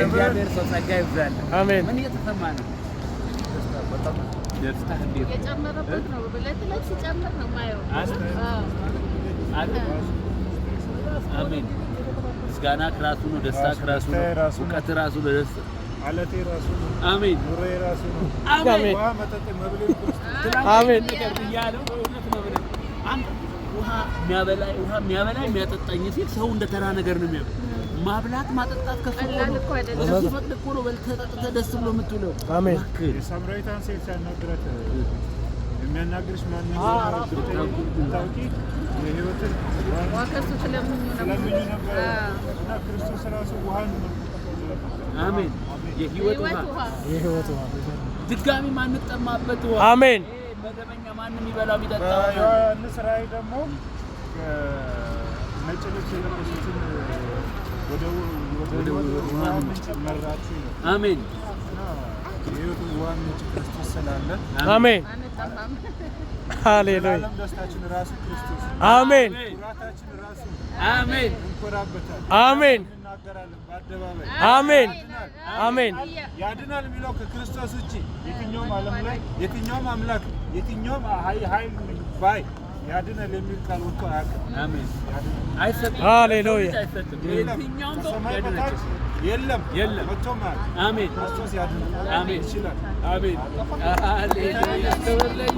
እግዚአብሔር ሰው ጸጋ ይብዛል። አሜን። ምን እየተሰማ ነው? ደስታ የጨመረበት ነው። በለት ለት ሲጨምር ነው ማየው። አሜን። ምስጋና ክራሱ ነው። ደስታ ከራሱ ነው። እውቀት ራሱ ነው። ደስታ አለቴ ራሱ ነው። አሜን። ኑሬ ራሱ ነው። አሜን። ውሃ መጠጥ መብሌ አሜን። ነገር ብያለሁ በእውነት መብሌ አንተ ውሃ የሚያበላኝ ውሃ የሚያበላኝ የሚያጠጣኝ ሲል ሰው እንደ ተራ ነገር ነው የሚያበላኝ ማብላት ማጠጣት ከፈለኩ ነው በልተህ ጠጥተህ ደስ ብሎ የምትውለው። አሜን። የሳምራዊቷን ሴት ሲያናግራት የሚያናግርሽ እና ክርስቶስ ራሱ አሜን፣ የህይወት ውሃ የህይወት ውሃ ድጋሚ ማንጠማበት ውሃ አሜን። መደበኛ ማንም ዮሐንስ ራእይ ደግሞ ነጭ ልብስ የለበሱትን አሜን። አሜን። ሃሌሉያ። አሜን። አሜን። አሜን። አሜን። አሜን። ያድናል የሚለው ከክርስቶስ ውጪ የትኛውም ዓለም ላይ የትኛውም አምላክ የትኛውም ኃይል ባይ ያድነል የሚል ቃል ወጥቶ አያውቅም። አይሰጥም። ሃሌሉያ የትኛውም ሰው የለም የለም። አሜን። ክርስቶስ ያድናል። አሜን። ይችላል። አሜን። ሃሌሉያ